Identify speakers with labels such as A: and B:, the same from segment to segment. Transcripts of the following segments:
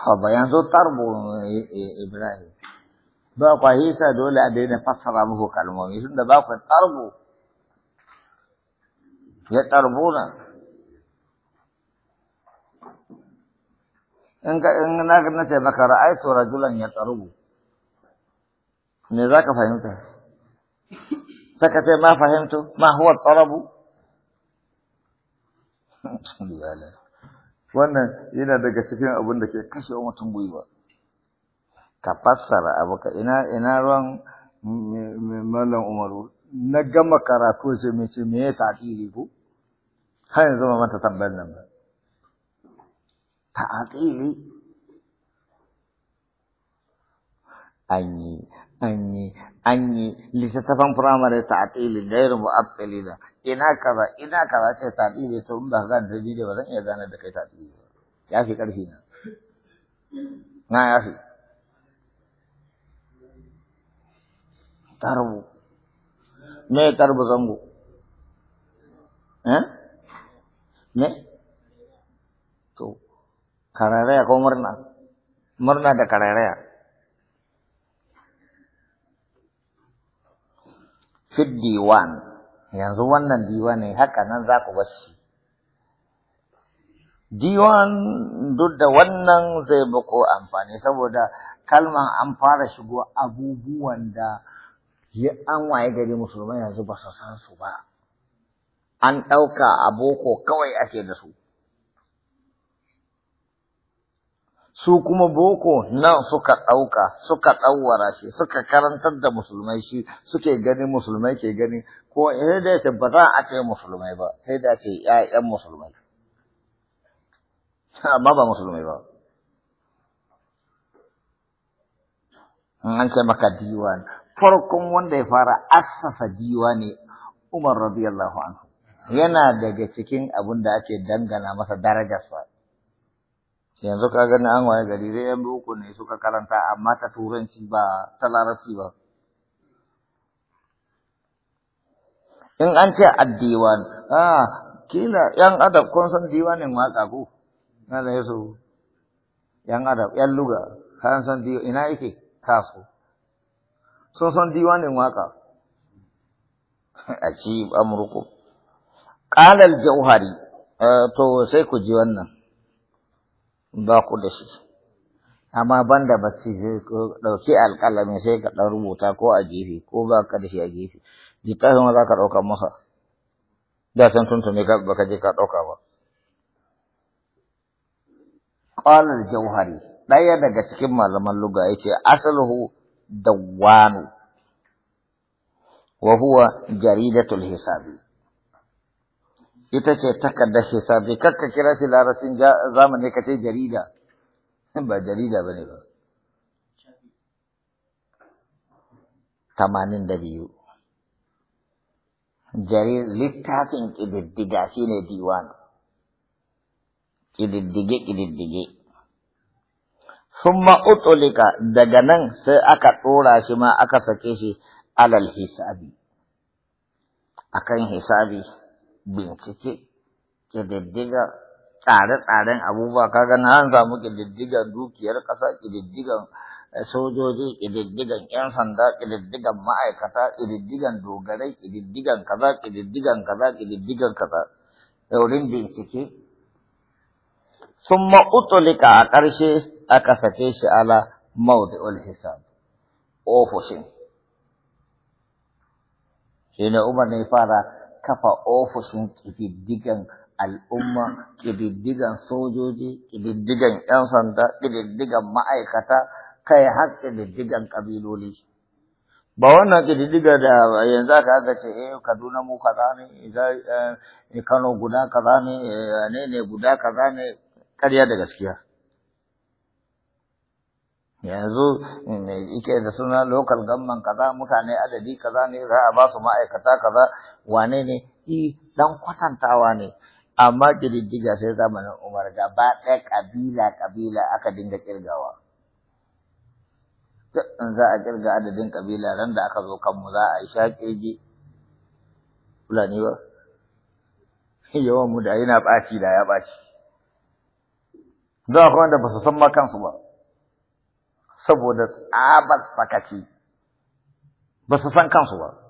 A: Haba yanzu tarbo eh, eh, Ibrahim. Ba kwa hisa dole a daina fassara muku kalmomi tun da ba ku tarbo. Ya tarbo na. In ka in na na ce maka ra'aitu rajulan ya tarbo. Me za ka fahimta? Saka ce ma fahimtu ma huwa tarabu. Alhamdulillah. wannan yana daga cikin abin da ke kashe mutum gwiwa ka fassara abu ka ina ina ruwan mallam umaru na gama karatu sai mai ce me ya ta'atili ko har yanzu ba mata tambayar nan ba ta'atili an yi an yi an yi littattafan firamare ta atili gairu mu'abbalina ina kaza ina kaza ce ta atili to in ba ka gane dalili ba zan iya gane da kai ta atili ya fi karfi na na ya fi tarbu me tarbu zango eh me to kararaya ko murna murna da kararaya fit diwan yanzu wannan diwan ne haka nan za ku bar shi diwan duk da wannan zai muku amfani saboda kalman an fara shigo abubuwan da an waye gari musulmai yanzu ba su san su ba an ɗauka a boko kawai ake da su su kuma boko nan suka ɗauka suka ɗauwara shi suka karantar da musulmai shi suke gani musulmai ke gani ko sai da ce ba za a ce musulmai ba sai da ce ƴaƴan musulmai amma ba musulmai ba an ce maka diwan farkon wanda ya fara assasa diwa ne Umar radiyallahu anhu yana daga cikin abin da ake dangana masa darajarsa yanzu ka gani an waye gari dai yan boko ne suka karanta amma ta turanci ba ta larabci ba in an ce addiwan ah kila yan adab kun san diwanin waka ko na da yaso yan adab yan luga kan san diwa ina yake taso sun san diwanin waka ajib amruku qala al-jauhari eh, to sai ku ji wannan ba ku da shi amma ban da bacci sai ɗauki alƙalami sai ka ɗan rubuta ko a gefe ko ba ka da shi a gefe littafin za ka ɗauka masa da san tuntume ka ba ka je ka ɗauka ba ƙwalar jauhari ɗaya daga cikin malaman luga ya ce asalhu wa huwa jaridatul hisabi ita ce takardar hisabi karka kira shi larasin zamani ka ce jarida ba jarida ba ne ba tamanin da biyu littafin ƙididdiga shi ne diwan ƙididdige-ƙididdige summa utulika daga nan sai aka ɗora shi ma aka sake shi alal hisabi akan hisabi bincike ƙididdiga tsare-tsaren abubuwa kaga na an samu ƙididdigan dukiyar ƙasa diddigan eh, sojoji diddigan 'yan sanda diddigan ma'aikata ƙididdigan dogarai diddigan kaza diddigan kaza diddigan kaza daurin bincike sun ma'utulika a ƙarshe aka sake shi ala mawdi'ul hisab ofishin shi ne umar ne fara kafa ofishin ƙididdigan al'umma, ƙididdigan sojoji, ƙididdigan 'yan sanda, ƙididdigan ma'aikata, kai har ƙididdigan ƙabiloli. Ba wannan ƙididdiga da yanzu aka haka ce, eh Kaduna mu kaza ne, eh, Kano guda kaza ne, eh, ne ne guda kaza ne, ƙarya da gaskiya. yanzu eh, ike da suna lokal gamman kaza mutane adadi kaza ne za a ba su ma'aikata kaza wane ne shi dan kwatantawa ne amma kididdiga sai zamanin Umar gaba ɗaya kabila kabila aka dinga kirgawa in za a kirga adadin kabila ran da aka zo kanmu za a sha kirgi fulani ba yawan mu da yana ɓaci da ya ɓaci za a wanda ba su san ma kansu ba saboda tsabar sakaci ba su san kansu ba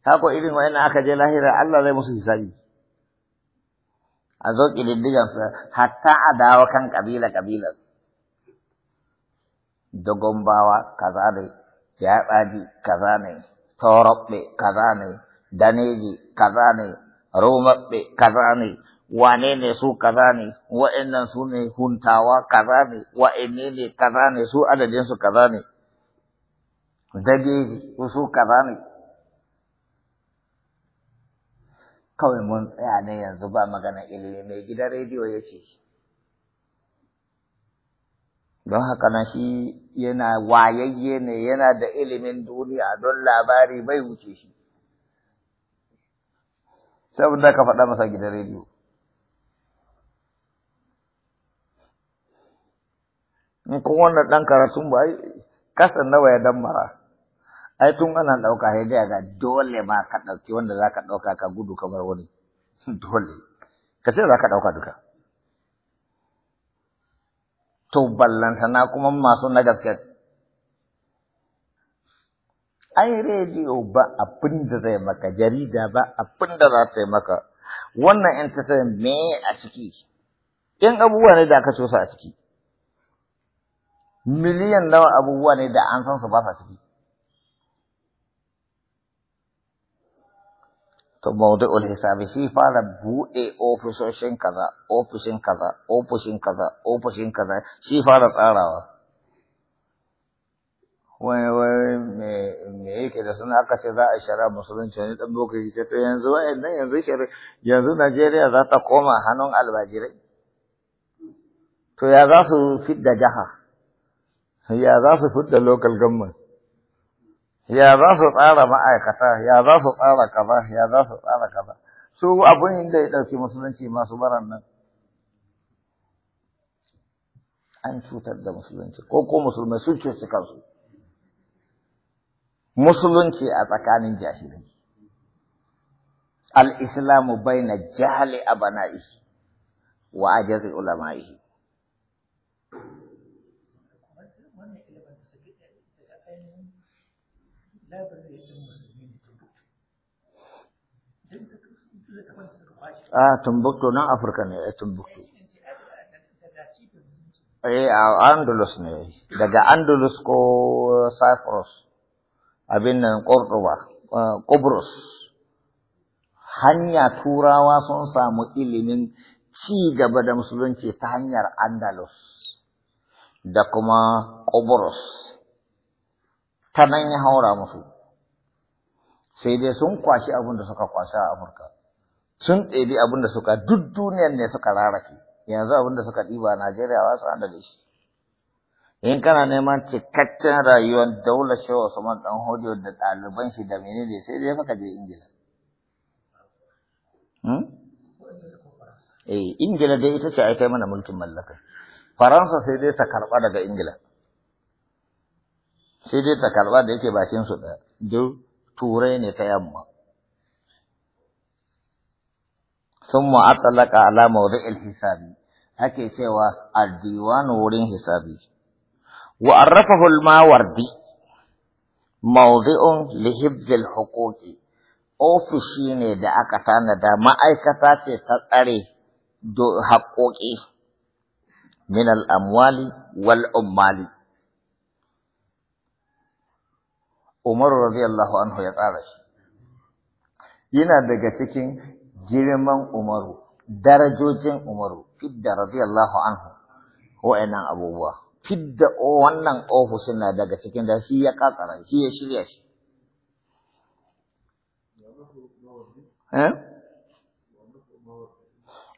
A: Kako irin wa'in aka je lahira Allah zai musu hisabi. A zo ƙididdigansu hatta a dawo kan ƙabila kabila Dogombawa gombawa kaza ne, yaɗaji kaza ne, tauraɓɓe kaza ne, daneji kaza ne, romaɓɓe kaza ne, wane ne su kaza ne, wa'annan su ne huntawa kaza ne, wa'anne ne kaza ne, su su kaza ne, dageji su kaza ne. kawai mun tsaya ne yanzu ba magana ilimi mai gidan rediyo ya ce don haka na shi yana wayayye ne yana da ilimin duniya don labari bai wuce shi saboda ka faɗa masa gidan rediyo in kun wannan ɗan karatun ba kasan nawa ya dan mara ai tun ana ɗauka sai dai ga dole ma ka ɗauki wanda za ka ɗauka ka gudu ka bar wani dole ka ce za ka ɗauka duka to na kuma masu na gaske ai rediyo ba abin da zai maka jarida ba abin da za ta yi maka wannan yan ta me a ciki yan abubuwa ne da aka so su a ciki miliyan nawa abubuwa ne da an san su ba sa ciki to mawdu'ul hisabi shi fara bude ofisoshin kaza ofishin kaza ofishin kaza ofishin kaza shi fara tsarawa wai wai me me yake da suna aka ce za a shara musulunci wani dan lokaci ce to yanzu wayannan yanzu shari yanzu Najeriya za ta koma hannun albajirai to ya za su fidda jaha ya za su fidda local government ya za su tsara ma'aikata ya za su tsara kaza ya za su tsara kaza su abun da ya ɗauki musulunci masu baran nan an cutar da musulunci ko ko musulmai sun cuci kansu musulunci a tsakanin jahilai al-islamu baina jahali abana'i wa ajazi ulama'ihi library ɗin musulmi ne Timbuktu. A Timbuktu nan Afirka ne a Timbuktu. Eh a Andalus ne daga Andalus ko Cyprus abin nan Cordoba Cobrus hanya turawa sun samu ilimin ci gaba da musulunci ta hanyar Andalus da kuma Cobrus ta nan ya haura musu sai dai sun kwashi abin da suka kwashi a Amurka sun ɗebi abin da suka duk duniyar ne suka rarake yanzu abin da suka ɗiba Najeriya ba su handale shi in kana neman cikakken rayuwar daular shehu Usman dan Hodiyo da ɗaliban shi da menene sai dai maka je Ingila hmm? eh Ingila dai ita ce ai kai mana mulkin mallaka Faransa sai dai ta karɓa daga Ingila sai dai ta karɓa da yake bakin su da duk turai ne ta yamma summa atlaqa ala mawdi'il hisabi ake cewa ardiwan wurin hisabi wa arrafahu al mawardi mawdi'un li hibdil huquqi ofishi ne da aka tanada ma'aikata ce ta tsare do haƙoƙi min al amwali wal ummali Umaru radiyallahu anhu ya tsara shi. Yana daga cikin girman Umaru, darajojin Umaru, fidda radiyallahu anhu, wa'annan abubuwa. Fidda wannan ofishin na daga cikin da shi ya ƙasara, shi ya shirya shi. Ima eh?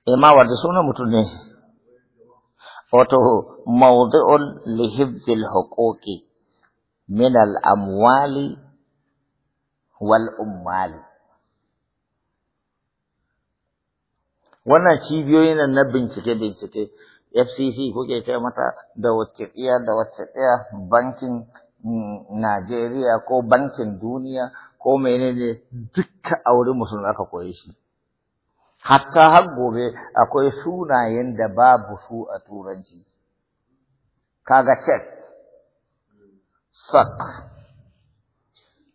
A: Imawar eh, da sunan mutum ne, wato, mawdu'un lihibzil haƙoƙi. من الأموال والأموال wannan cibiyoyin nan na bincike-bincike fcc kuke ce mata da wacce tsiya da wacce tsiya bankin najeriya ko bankin duniya ko menene dukkan aure musulmi aka koye shi hatta har gobe akwai sunayen da babu su a turanci kaga check sak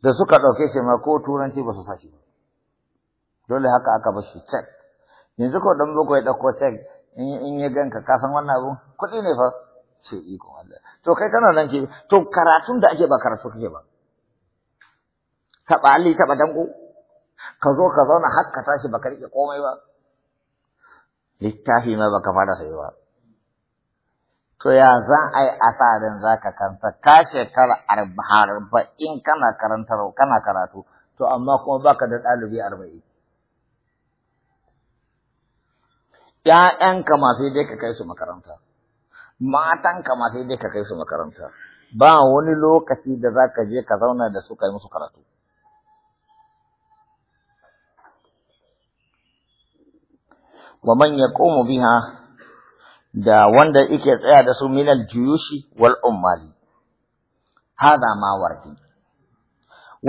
A: da suka ɗauke shi ma ko turanci ba su sashi dole haka aka ba shi cek yanzu ko dan boko ya ɗauko cek in ya ganka ka san wannan abu kuɗi ne fa ce iko Allah to kai kana nan ke to karatun da ake ba karatu kake ba taɓa alli taɓa danko ka zo ka zauna har ka tashi baka riƙe komai ba littafi ma baka fara sai ba so ya za a yi asarin za ka karanta ka shekara arba'in kana karantar kana karatu to amma kuma baka da ɗalibi arba'in ‘Ya'yanka masu yi dai ka kai su makaranta, matanka masu yi dai ka kai su makaranta, ba wani lokaci da za ka je ka zauna da su kai musu karatu. Wa man komo biha da wanda yake tsaya da su minal juyushi wal ummali hada ma wardi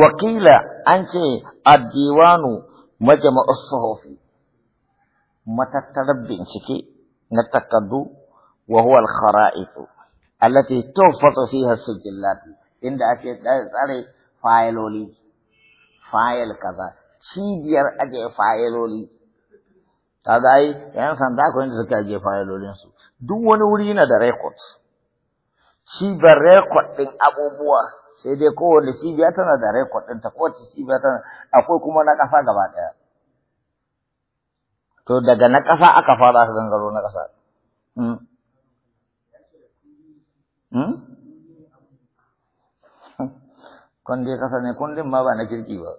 A: wakila an ce addiwanu majma'u suhufi matattarar bincike na takaddu wa huwa al kharait allati tuffatu fiha sijillat inda ake tsare fayiloli fayil kaza cibiyar ajiye fayiloli kaga ai yan sanda ko inda suka ajiye fayilolin su duk wani wuri yana da rekod ba rekod ɗin abubuwa sai dai kowane cibiya tana da rekod ɗinta kowace cibiya tana akwai kuma na ƙasa gaba ɗaya to daga na ƙasa aka fara su gangaro na ƙasa hmm? hmm? kundi ƙasa ne kundin ma ba na kirki ba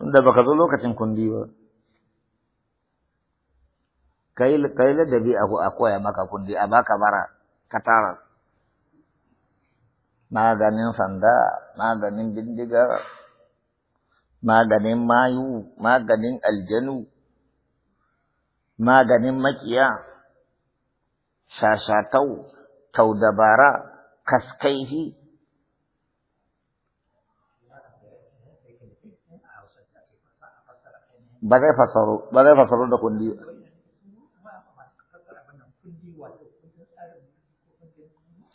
A: tunda baka zo lokacin kundi ba kai kai ladabi a koya maka kundi a baka bara ka tara maganin sanda maganin bindiga maganin mayu maganin aljanu maganin makiya shashatau taudabara kaskaifi ba zai fasaro da kundi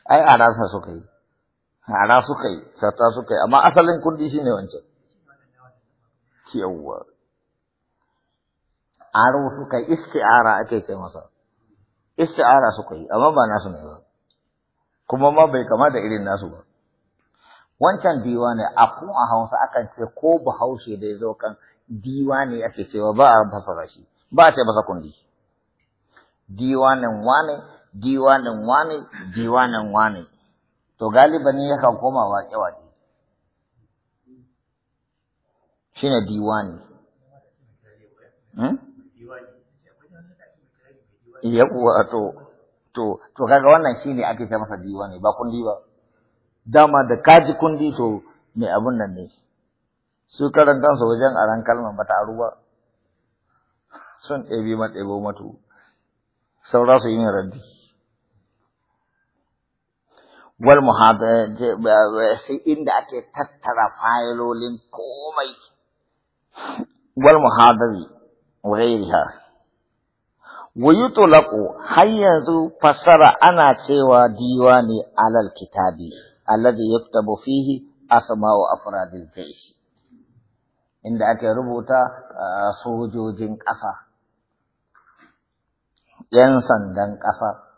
A: ai a rasa suka yi hara suka yi sata suka yi amma asalin kundi shine wancan kiyawa aro suka yi isti'ara ake ce masa isti'ara suka yi amma ba nasu ne ba kuma ma bai kama da irin nasu ba wancan diwa ne a kun a hausa akan ce ko bahaushe da ya zo kan diwa ne ake cewa ba a fasara shi ba a ce masa kundi diwanin wane diwanin wane diwanin wane to galibani yakan koma waƙe-waƙe shi ne diwani hmm? ya kuwa to to to kaga wannan shi ne ake ta masa diwani ba kundi ba dama da kaji kundi to mai abun nan ne su karanta su wajen aran kalmar ba ta ruwa sun ɗebi matsebo matu saura su yi min raddi wal sai inda ake tattara fayilolin komai wal muhadari wa ghairiha wa yutlaqu har yanzu fassara ana cewa diwani alal kitabi alladhi yuktabu fihi asma'u afradil jaysh inda ake rubuta sojojin ƙasa 'yan sandan ƙasa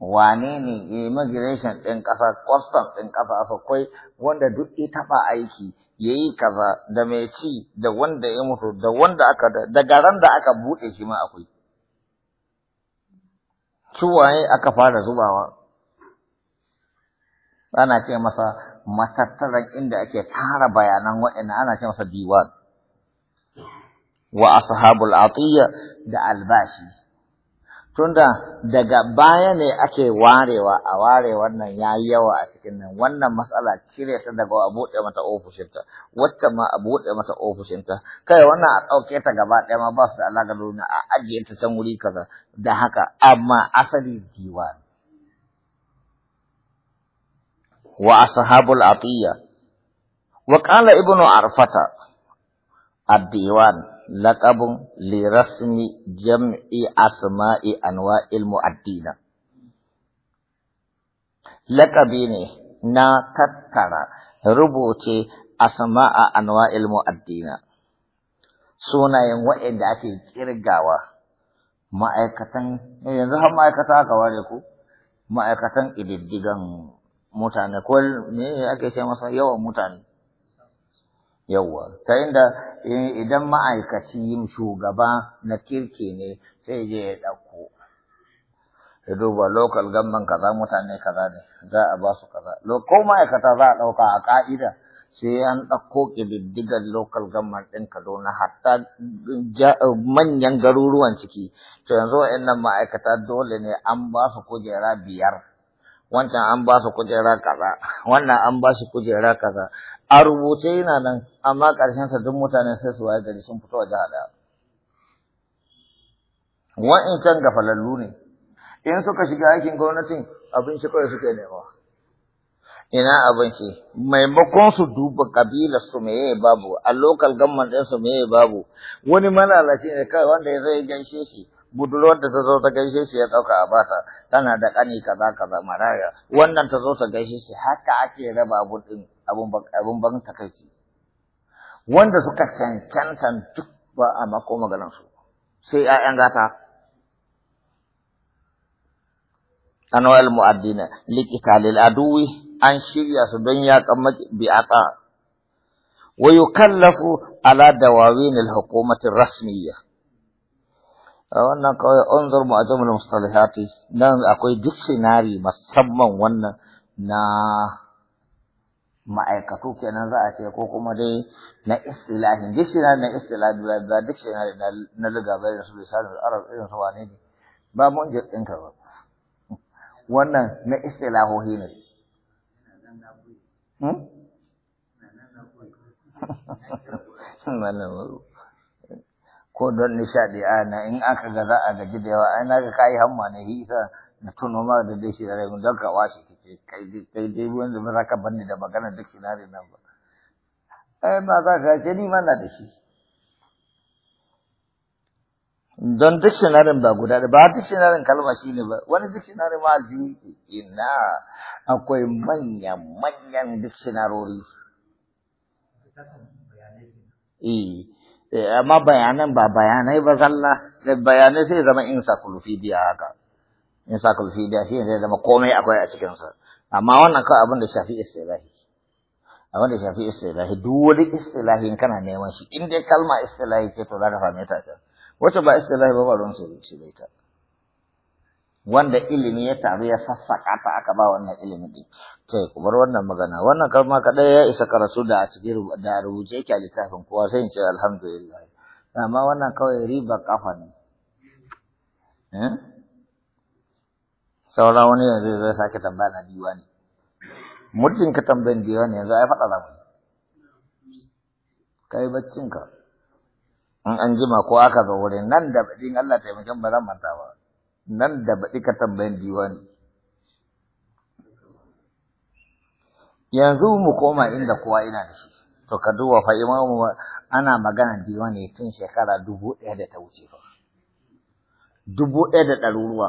A: wane ne eh, immigration ɗin ƙasa custom ɗin ƙasa akwai wanda duk ya taɓa aiki ya yi kaza da mai ci da wanda ya mutu da wanda aka da garan da aka buɗe shi ma akwai ciwaye aka fara zubawa ana ce masa matattaran inda ake tara bayanan wa'ina ana ce masa diwan wa ashabul atiya da albashi tunda daga baya ne ake warewa a ware wannan ya yi yawa a cikin nan wannan matsala cire ta daga a buɗe mata ofishinta wacce ma a buɗe mata ofishinta kai wannan a ɗauke ta gaba ɗaya ma ba su da alaƙa da a ajiye ta can wuri kaza da haka amma asali diwan wa ashabul atiya wa qala ibnu arfata ad-diwan laƙabin lirasmi jam'i asma'i anwa'il mu'addina. Laƙabi ne na tattara rubuce asma'a anwa'il mu'addina, sunayen waɗanda ake ƙirgawa ma'aikatan, yanzu har ma'aikata aka ware ku, ma'aikatan ididdigan mutane, ko ne ake ce masa yawan mutane. yawwa ta inda eh, idan ma'aikaci yin shugaba na kirki ne sai je ya ɗauko ya duba local gamban kaza mutane kaza ne za a ba su kaza ko ma'aikata za a ɗauka a ƙa'ida sai an ɗauko ƙididdigar local gamban ɗin Kaduna hatta eh, manyan garuruwan ciki to yanzu wa'annan ma'aikata dole ne an ba su kujera biyar wancan an ba su kujera kaza wannan an ba su kujera kaza a rubuce yana nan amma ƙarshen sa duk mutane sai su waye gari sun fito waje hada wa'incan gafalallu ne in suka shiga aikin gwamnatin abin shi kawai suke nema ina abin maimakon su duba kabilar su meye babu a local government din su meye babu wani malalaci ne kai wanda zai ganshe shi budurwar da ta zo ta gaishe shi ya ɗauka a bata tana da ƙani kaza kaza maraya wannan ta zo ta gaishe shi haka ake raba abun ɗin ban takaici wanda suka cancanta duk ba a mako maganar su sai ƴaƴan gata anwa'il mu'addina likita aduwi an shirya su don yaƙan bi'ata wa yukallafu ala dawawin al hukumatin rasmiyya a wannan kawai unzur mu'ajamul mustalihati nan akwai dictionary musamman wannan na ma'aikatu kenan za a ce ko kuma dai na istilahin dictionary na istilahi da dictionary na liga bayan su lisanul arab irin su wane ne ba mun je ɗinka ba wannan na istilahohi ne Hmm? ko don nishaɗi a na in aka ga za a gaji da yawa ai na ga kayi hamma na hisa na tuno ma da dai shi da rai don ka washe kike kai kai dai wanda ba za ka banni da magana duk shi na rai nan ba ai ma za ka ce ni ma na da shi don shi dictionarin ba guda da ba shi na rai kalma shi ne ba wani shi na rai ma aljihu ina akwai manyan manyan rori. eh amma bayanan ba bayanai ba zalla bayanai sai zama in encyclopedia haka In encyclopedia shi zai zama komai akwai a cikinsa amma wannan kawai abin da shafi istilahi abin da shafi istilahi duk wani istilahi kana neman shi in dai kalma istilahi ce to za ka fahimta ta can wacce ba istilahi ba ba don shi da ita wanda ilimi ya taru ya sassaka ta aka ba wannan ilimi din kai ku bar wannan magana wannan kalma kadai ya isa karatu da a cikin da rubuce yake a littafin kowa sai in ce alhamdulillah amma wannan kawai riba kafa ne eh? sauran wani yanzu zai sake tambaya na ne. muddin ka tambayin ne yanzu ai faɗa zamani Ka kai baccin ka in an jima ko aka zo wurin nan da baɗin Allah taimakon ba zan manta ba nan da baɗi ka tambayin ne. yanzu mu koma inda kowa ina da shi to ka duba fa imamu ana magana diwa ne tun shekara dubu ɗaya da ta wuce fa dubu ɗaya da ɗaruruwa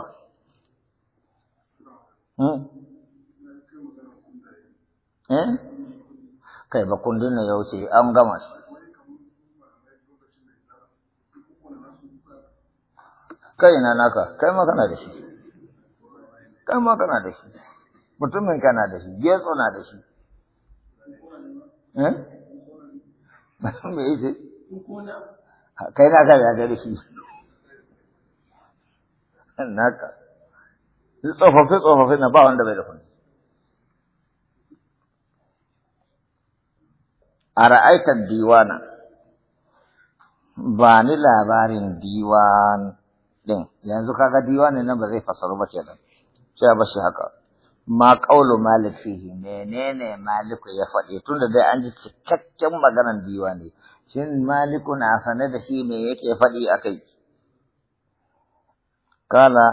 A: hmm? eh? kai ba kundin ne ya wuce an gama shi kai na naka kai ma kana da shi kai ma kana da shi mutumin ka na da shi getso na da shi eh? me yace kai na ka ya da shi naka tsofaffi tsofaffi na ba wanda bai da kuɗi a ra'aitar diwana ba ni labarin diwan din yanzu kaga diwanin nan ba zai fasaru ba kenan sai ba shi haka ma ƙaulu malik fihi menene maliku ya faɗi tunda dai an ji cikakken maganar diwa ne shin maliku na sane da shi me yake faɗi a kai kala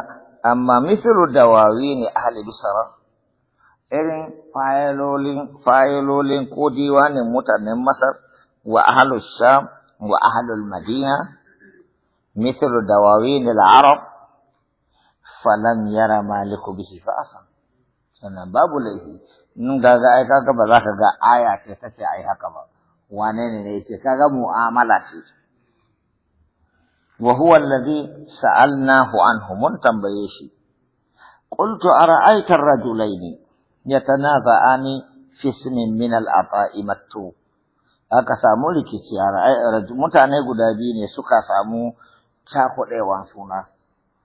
A: amma misiru dawawi ne ahli bisara irin fayilolin fayilolin ko diwanin mutanen masar wa ahlu sham wa ahlu madina misiru dawawi ne al-arab falam yara maliku bihi fa sannan babu laifi nun a ai kaga ba za ka ga aya ce ta ce ai haka ba wane ne ne ce kaga mu'amala ce wa huwa allazi sa'alnahu anhu mun tambaye shi qultu ara'aita ar-rajulaini yatanaza'ani fi ismin min al-ata'i aka samu rikici a mutane guda biyu ne suka samu cakuɗewan suna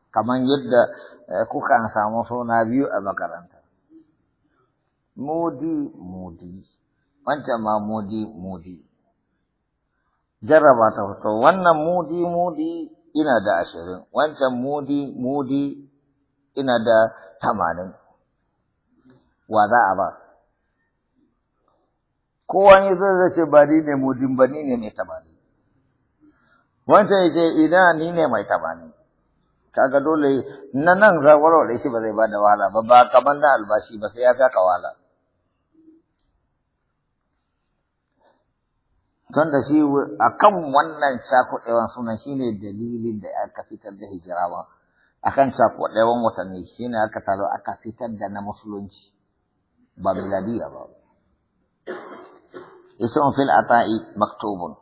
A: kamar yadda eh, kuka samu suna biyu a makaranta modi modi wancan ma modi modi jarraba ta fito wannan modi modi ina da ashirin wancan modi modi ina da tamanin wa za a ba kowa zai zace ba ni ne mudin ba ni ne mai tamanin wancan yake ina ni ne mai tamanin kaga dole na nan zagwarwa shi ba zai ba da wahala ba ba kamar na albashi ba sai ya fi aka wahala don da shi a kan wannan cakuɗewan sunan shi ne dalilin da aka fitar da hijirawa a kan cakuɗewan watanni shi ne aka taro aka fitar da na musulunci ba miladiya ba isun fil ata'i maktubun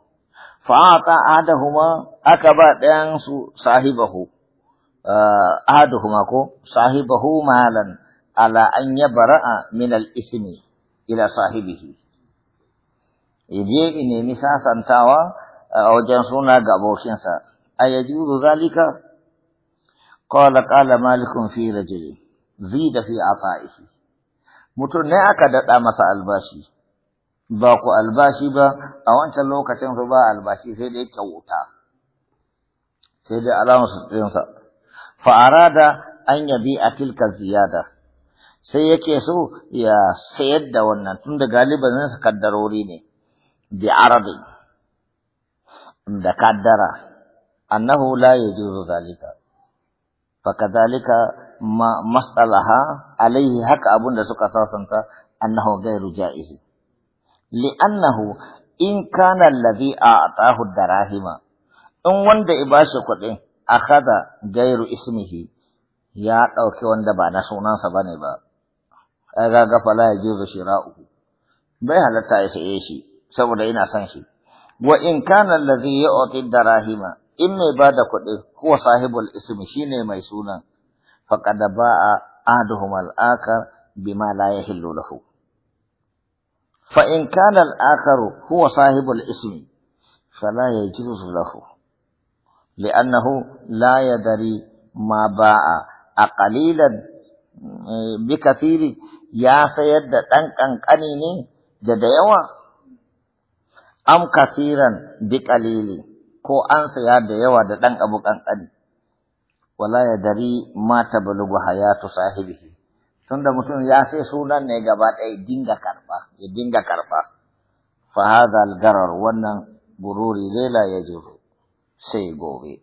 A: fa'ata adahuma aka ba ɗayan su sahibahu ah, ahaduhuma ko sahibahu malan ala an yabara'a min al-ismi ila sahibihi je eh, i nemi santawa eh, a wajen suna ga abokinsa a ya juru zalika qala qala malikun fi rajuli zida fi ata'ihi mutum ne aka dada masa albashi ba ku albashi ba a wancan lokacin su ba albashi sai dai kyauta sai dai alamar su fa arada an yabi a tilka ziyada sai yake so ya sayar da wannan tunda galiban sa kaddarori ne بعربي دكادرة أنه لا يجوز ذلك فكذلك ما مسألها عليه حق أبو دسوك أساسا أنه غير جائز لأنه إن كان الذي أعطاه الدراهم إن وند إباشي قد أخذ غير اسمه يا أوكي وند بانا نسونا سباني با أغاق فلا يجوز شراؤه بيها لتا يسعيشي saboda ina san shi wa in kana allazi yu'ti darahima in mai bada kudi ko sahibul ismi shine mai sunan faqad ba'a ahaduhum al-akhar bima la yahillu lahu fa in kana al-akharu huwa sahibul ismi fala yajuzu lahu li'annahu la yadri ma ba'a aqalilan bi kathiri ya sayar da dan kankani ne da da yawa am kasiran bi qalili ko an saya da yawa da dan abu kankani wala ya dari ma tablugu hayatu sahibihi tunda mutum ya sai sunan ne gaba ɗaya dinga karba ya dinga karba fa hadha al garar wannan gururi lela ya jiro sai gobe